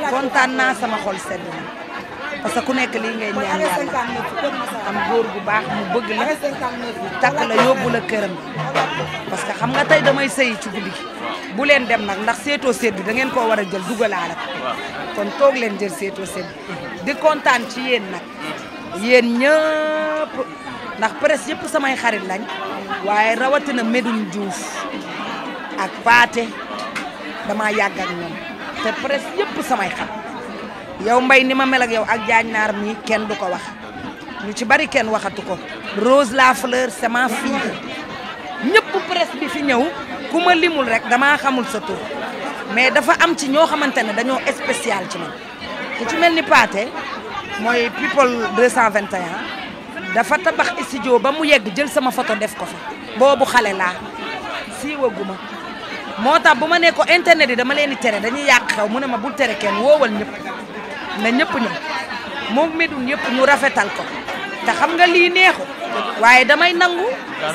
kontaan naa sama xol sedd na parce que ku nekk lii ngay ñaan yàlla am góor gu baax mu bëgg la takk la yóbbu la këram parce que xam nga tey damay sëyi ci guddi gi bu leen dem nag ndax seetoo seet bi da ngeen war a jël dugalaale ko kon toog leen jël seetoo seet bi di kontaan ci yéen nag yéen ñëpp ndax presse yëpp samay xarit lañ waaye rawatina Medoune Diouf ak Paate dama yàgg ñoom te presse yépp samay xam yow mbay ni ma mel yow ak jaañ naar mi kenn du ko wax ñu ci bari kenn waxatu ko Rose la fleur c'est ma fille ñëpp presse bi fi ñëw ku ma limul rek damaa xamul sa tur mais dafa am ci ñoo xamante ne dañoo spécial ci man ku ci mel ni Paate mooy people 221 dafa tabax studio ba mu yegg jël sama photo def ko fa boobu xale laa siiwaguma moo tax bu ma ne internet yi dama leen di tere dañuy yàq xew mu ne ma bul tere kenn woowal ñëpp na ñëpp ñëw moom Médoune yëpp ñu rafetal ko te xam nga lii neexu waaye damay nangu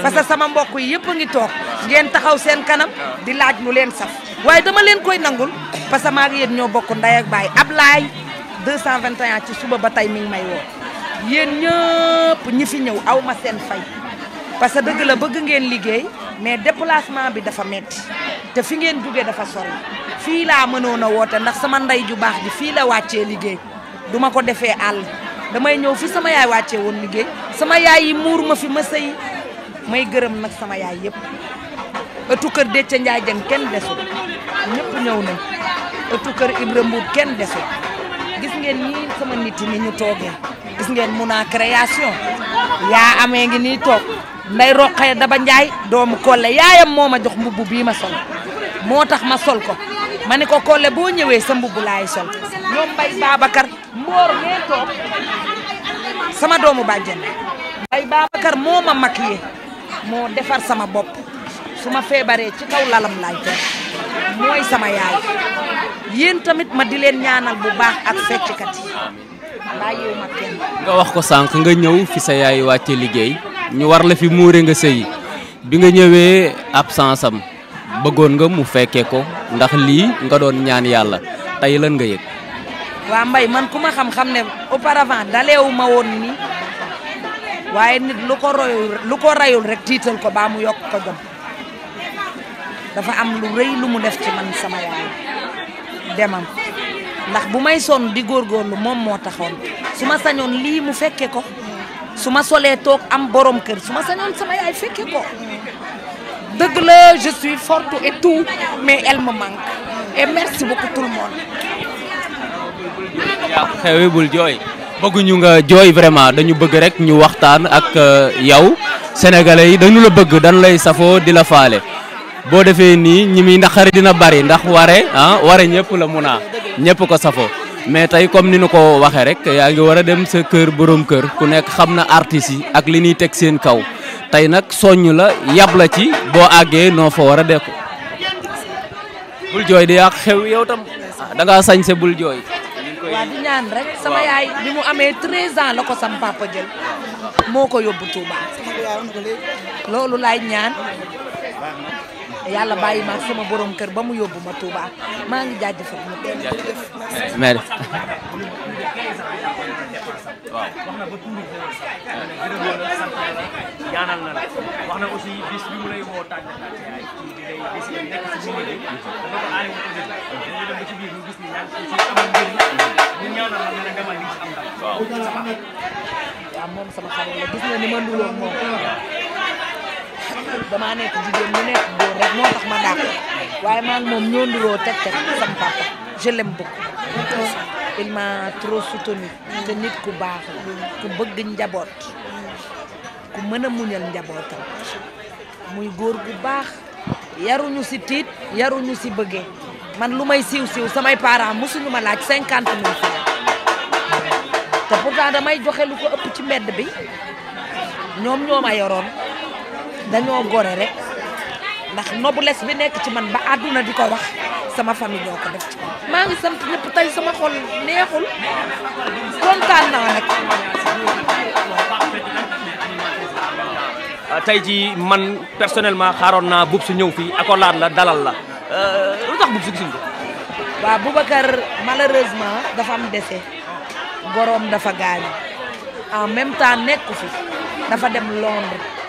parce que sama mbokk yi yëpp a ngi toog ngeen taxaw seen kanam di laaj lu leen saf waaye dama leen koy nangul parce que maa ngi yéen ñoo bokk nday ak baay Ablaay 221 ci suba ba tey mi may woo yéen ñëpp ñi fi ñëw aw ma seen fay parce que dëgg la bëgg ngeen liggéey mais déplacement bi dafa metti te fi ngeen jóge dafa sori fii laa mënoon a woote ndax sama ndey ju baax ji fii la wàccee liggéey duma ko defee àll damay ñëw fi sama yaay wàccee woon liggéey sama yaay yi muur ma fi ma sëyi may gërëm nag sama yaay yëpp ëttu kër Déthié Ndiaye Dieng kenn desul ñëpp ñëw nañ ëttu kër Ibra Mbour kenn desul gis ngeen ñii sama nit yi ni ñu toogee gis ngeen mun a création yaa amee ngi nii toog nday roqee daba njaay doomu kolle yaayam moo ma jox mbubb bii ma sol moo tax ma sol ko ma ne ko kolle boo ñëwee sa mbubb laay sol ñoom mbay Babacar mboor nee toog sama doomu bàjjen moo defar sama bopp su ma feebaree ci kaw lalam laay tamit ma di leen ñaanal bu baax ak fecckat yi wax ko sànq nga ñëw fi sa yaay wàcce liggéey ñu war la fi muure nga sëyi bi nga ñëwee absence am bëggoon nga mu fekkee ko ndax lii nga doon ñaan yàlla tey lan nga yëg. waa mbay man ku ma xam-xam ne auparavant daleewu woon nii waaye nit lu ko royul lu ko rayul rek tiital ko baa mu yokk ko jom dafa am lu rëy lu mu def ci man sama yaay demam ndax bu may sonn di góorgóorlu moom moo taxoon su ma sañoon lii mu fekke ko su ma solee toog am boroom kër su ma sañoon sama yaay fekke ko dëgg la je forte et tout mais elle me et merci beaucoup tout le monde. yaa xewi bul jooy bëgguñu nga jooy vraiment dañu bëgg rek ñu waxtaan ak uh, yow sénégalais yi dañu la bëgg dañu lay safo di la faale boo defee nii ñi muy naqari dina bari ndax ware ah ware ñëpp la mun a ñëpp ko safo mais tey comme ni nu ko waxee rek yaa ngi war a dem sa kër boroom kër ku nekk xam na artistes yi ak li ñuy teg seen kaw tey nag soññ la yab la ci boo àggee noo fa war a dekku bul jooy di yàq xew yow tam ah, da ngaa sañse bul jooy. waaw di ñaan rek sama yaay bi mu amee 13 la ko sam papa jël moo ko yóbbu Touba loolu laay ñaan. yàlla bàyyi ma sama borom kër ba mu yóbbu ma Touba maa ngi jaajëfal ñu na ba tuuru la sant la mu lay woo damaa nekk jigéen ñu nekk góor rek moo tax ma dàq waaye maa moom ñoo niroo teg teg sama papa je l'aime trop soutenu te nit ku baax ku bëgg njaboot ku mën a muñal njabootam muy góor gu baax yaruñu si tiit yaruñu si bëggee man lu may siiw siiw samay parents mosuñu ma laaj cinquante mille francs te pourtant damay joxe lu ko ëpp ci mbedd bi ñoom ñoom ma yoroon dañoo gore rek ndax noblesse bi nekk ci man ba àdduna di ko wax sama famille ñoo ko def ci maa ngi sant ñëpp tey sama xol neexul kontaan naa nag ah, tey ji man personnellement xaaroon naa bub su ñëw fii akolaat la dalal la euh, lu tax bub su gisuñ ko waaw Boubacar malheureusement dafa am dese goroom dafa gaañu en même temps nekku fi dafa dem Londres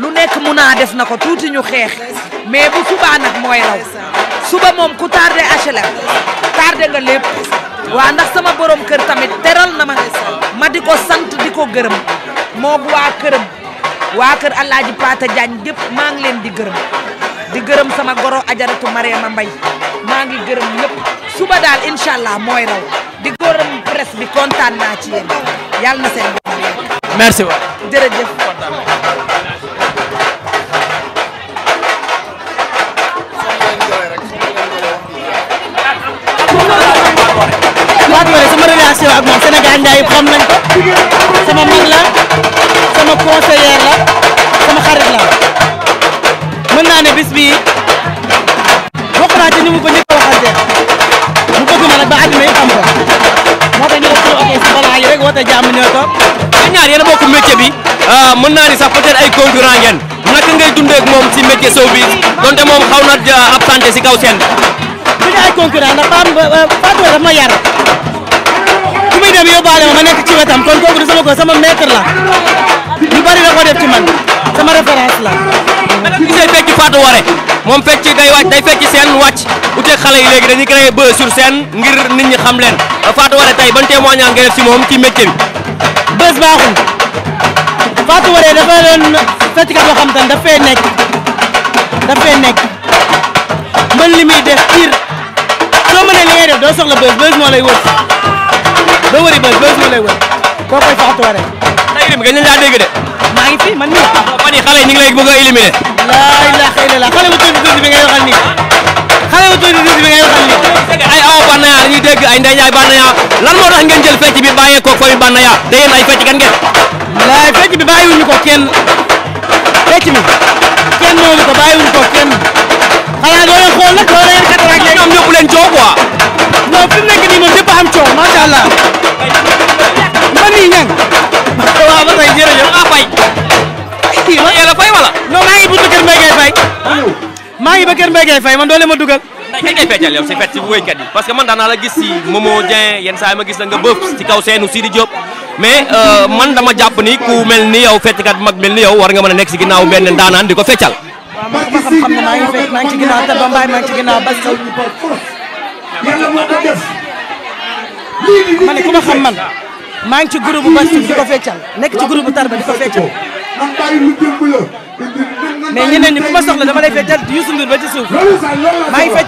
lu nekk mun naa def na ko tuuti ñu xeex mais bu subaa nag mooy raw suba moom ku tardé HLM tardé nga lépp waa ndax sama borom kër tamit teral na ma ma di ko sant di ko gërëm moog waa këram waa kër Alaaji Paata Jaañ gépp maa ngi leen di gërëm di gërëm sama goro ajaratu ma Mbay maa ngi gërëm ñëpp suba daal incha mooy raw di gërëm presse bi kontaan naa ci yéen yàlla na seen borom merci waay jërëjëf kontaan ak moom Sénégal Ndiaye yëpp xam nañ ko sama mag la sama conseiller la sama xarit la mën naa ne bis bii bokk naa ci ñu mu ko njëkk a waxal mu bëgg ma nag ba àddina yëpp xam ko moo tax ñu ne suñu oto si yi rek woote jàmm ñoo ko. ñaar yéen a métier bi ah, mën naa ni sax peut-être ay concurrent ngeen naka ngay dundee ak moom si métier showbiz donte moom xaw ah, absenté si kaw seen bi. ñu ne ay concurrent ndax Fatou Fatou daf yar. muy dem nekk ci wetam kon kooku di sama ko sama maître la lu bari la ko def ci man sama référence la. mais nag gisee fekk day wàcc day fekk seen wàcc uteeg xale yi léegi dañuy créer buzz sur scène ngir nit ñi xam leen Fatou Waré tey ban témoignage nga def si moom ci métier bi. buzz baaxul Fatou Waré dafa doon fecckat boo xam ne daf fee nekk daf fee li muy def pire soo mënee li ngay def doo soxla buzz buzz moo lay wër. doo bëri bës bës moo lay wër koo koy faxatuwaat rek. léegi nag dañu laa dégg de. maa ngi fi man mii. fan yii xale yi ñu ngi lay bëgg a éliminé. laa ilaaha illallaah xale bu tuuti tuuti bi ngay waxal nii. xale bu tuuti tuuti bi ngay waxal nii. ay awa Banaya la ñuy dégg ay Ndeye Ndiaye Banaya lan moo tax ngeen jël fecc bi bàyyee ko koy Banaya da ngeen ay fecc kan ngeen. laay fecc bi bàyyiwuñu ko kenn fecc bi kenn moomu ko bàyyiwuñu ko kenn xanaa doo leen xool nag doo leen kataraak léegi ñoom ñëpp leen coow quoi ngay fay man do le ma dugal Mbaye ngay feccal yow si fecc si kat yi parce que man dana la gis si Momo Dieng yenn saa ma gis la nga beuf si kaw seenu Sidi Diop mais eh, man dama japp ni ku melni yow yow kat mag melni ni yow war nga meuna nek ci ginaaw ginnaaw benn ndaanaan di ko feccal waaw man ko xam xam ne maa ngi fekk maa ngi ci ginnaaw Taba Mbaye maa ngi ci ginnaaw Bas Sow yàlla moo ko def ne ma xam man ma ngi ci groupe bu Bas di ko ci groupe Tarba di ko mais ñeneen ñi soxla dama lay feccal Youssou Ndour ba ci suuf maa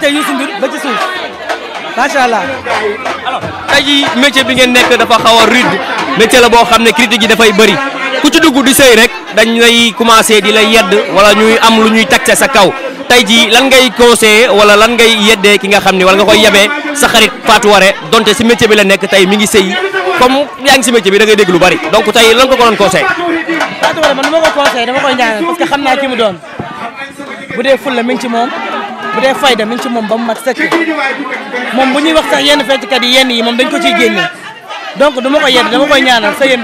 macha allah. alors tey bi ngeen nekk dafa xaw a rude la boo xam ne critique yi dafay bëri ku ci dugg di sëy rek dañ lay commencé di la yedd wala ñuy am lu ñuy taxé sa kaw tey jii lan ngay conseillé wala lan ngay yeddee ki nga xam ne wala nga koy yebee sa xarit Fatou Waré donte si métier bi la nekk tey mi ngi sëy comme yaa ngi si métier bi da ngay dégg lu bari donc tey lan nga ko doon conseillé. Fatou Wala man nu ma ko conseillé dama koy ñaanal parce que xam naa ki doon bu dee fulla mi ngi ci moom bu dee fayda mi moom ba mu mat sëkk moom bu ñuy wax sax yenn yenn yi moom dañ ko ciy génne donc du ma ko yedd dama koy ñaanal sëyam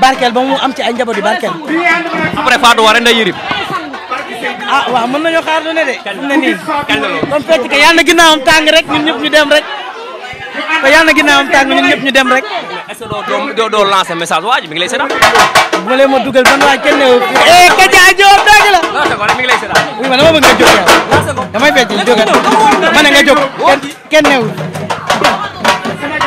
ba mu ci ay njaboot yu barkeel. après Fatou Wala nday yërib. ah waaw mën nañoo xaar lu ne de. kañ la nii kañ la loolu. kon fecckat yàlla na ginnaawam tàng rek ñu dem rek. te yàlla na ginnaawam tàng ñun ñëpp ñu dem rek. mais est-ce que doo doo lancer message waa ji ma leen ma ban waaj kenn newul. eh Kaja Diop dëgg la. lancer ko rek mi ngi lay seetaan. oui ma dama bëgg nga jóg yow. damay fecc jógal ma ne nga jóg kenn newul.